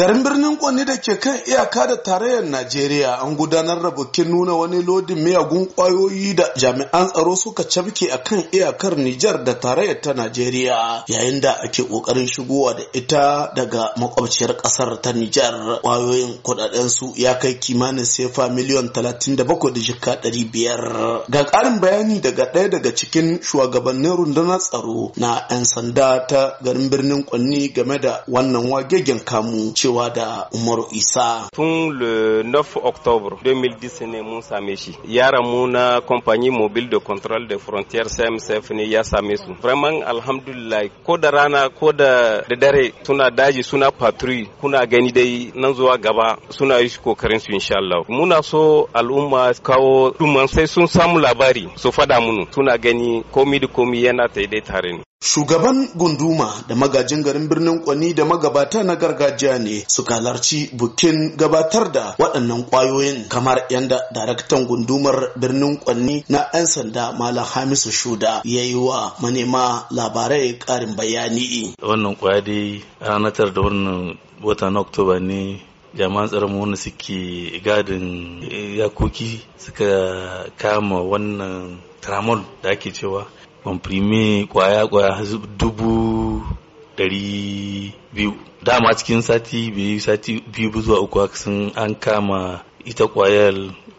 garin birnin kwanne da ke kan iyaka da tarayyar Najeriya an gudanar da bukin nuna wani lodin miyagun kwayoyi da jami'an tsaro suka cafke a kan iyakar Nijar da tarayyar ta Najeriya yayin da ake kokarin shigowa da ita daga makwabciyar kasar ta Nijar kwayoyin kudaden su ya kai kimanin sefa miliyon biyar. ga karin bayani daga ɗaya daga cikin shugabannin rundunar tsaro na 'yan sanda ta garin birnin kwanne game da wannan wagegen kamu cewa cewa da Umaru Isa. Tun le 9 October 2010 ne mun same shi. Yaran mu na Compagnie Mobile de Control de Frontières CMCF ne ya same su. Vraiment alhamdulillah ko da rana ko da dare suna daji suna patrouille. kuna gani dai nan zuwa gaba suna yi kokarin su insha Allah. Muna so al'umma kawo duman sai sun samu labari su fada munu suna gani komi da komi yana dai tare ne. Shugaban gunduma da magajin garin birnin Kwani da magabata na gargajiya ne suka halarci bukin gabatar da waɗannan ƙwayoyin kamar yadda daraktan gundumar birnin Kwani na 'yan sanda Malam Hamisu Shuda ya yi wa manema labarai ƙarin bayani. Wannan ƙwaya dai ranar da wannan watan Oktoba ne jama'an tsaron wanda suke gadin yakoki suka kama wannan tramol da ake cewa komprime kwaya-kwaya dubu dari biyu dama cikin sati biyu sati biyu zuwa uku haka sun an kama ita kwayar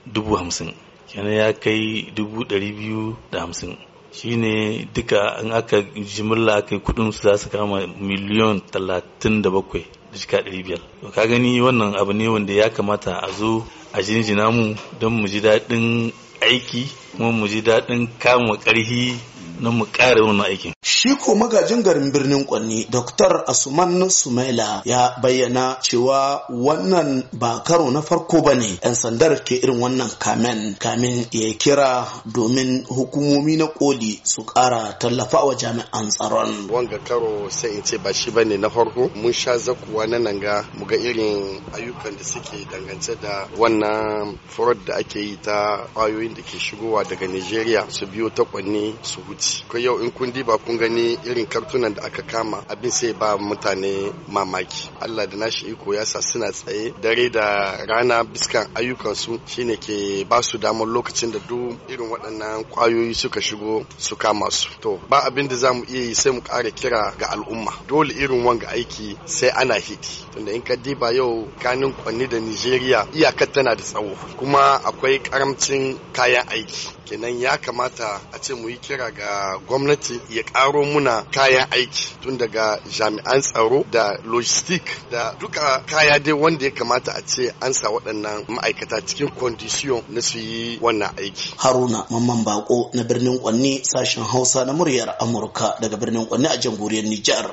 dubu hamsin kenan ya kai dubu dari biyu da hamsin shine duka an aka jimilla aka kudin su za su kama miliyon talatin da bakwai da cika dari biyar to ka gani wannan abu ne wanda ya kamata a zo a jinjina mu don mu ji daɗin aiki kuma mu ji daɗin kama ƙarfi. don mu ƙara wannan aikin. Shi ko magajin garin birnin Kwanni Dr. Asuman Sumaila ya bayyana cewa wannan ba karo na farko ba ne 'yan sandar ke irin wannan kamen kamin ya kira domin hukumomi na koli su ƙara tallafa wa jami'an tsaron. Wanga karo sai ce ba shi ba ne na farko mun sha zakuwa na nan ga muga irin ayyukan da suke dangance da wannan fraud da ake yi ta ƙwayoyin da ke shigowa daga Nigeria su biyo ta Kwanni su huce. ko yau in kun diba kun gani irin kartunan da aka kama abin sai ba mutane mamaki Allah da nashi iko ya sa suna tsaye dare da rana biskan ayyukansu shine ke ba su damar lokacin da duk irin waɗannan kwayoyi suka shigo su kama su to ba abin da zamu iya yi sai mu ƙara kira ga al'umma dole irin wanga aiki sai ana hidi tunda in ka diba yau kanin kwanni da Nigeria iyakar tana da tsawo kuma akwai karamcin kayan aiki kenan ya kamata a ce mu yi kira ga gwamnati ya karo muna kayan aiki tun daga jami'an tsaro da lojistik da duka kaya dai wanda ya kamata a ce an sa waɗannan ma'aikata cikin kondisiyon na su yi wannan aiki. Haruna Mamman Bako na birnin Kwanni sashen Hausa na muryar Amurka daga birnin Kwanni a jamhuriyar Nijar.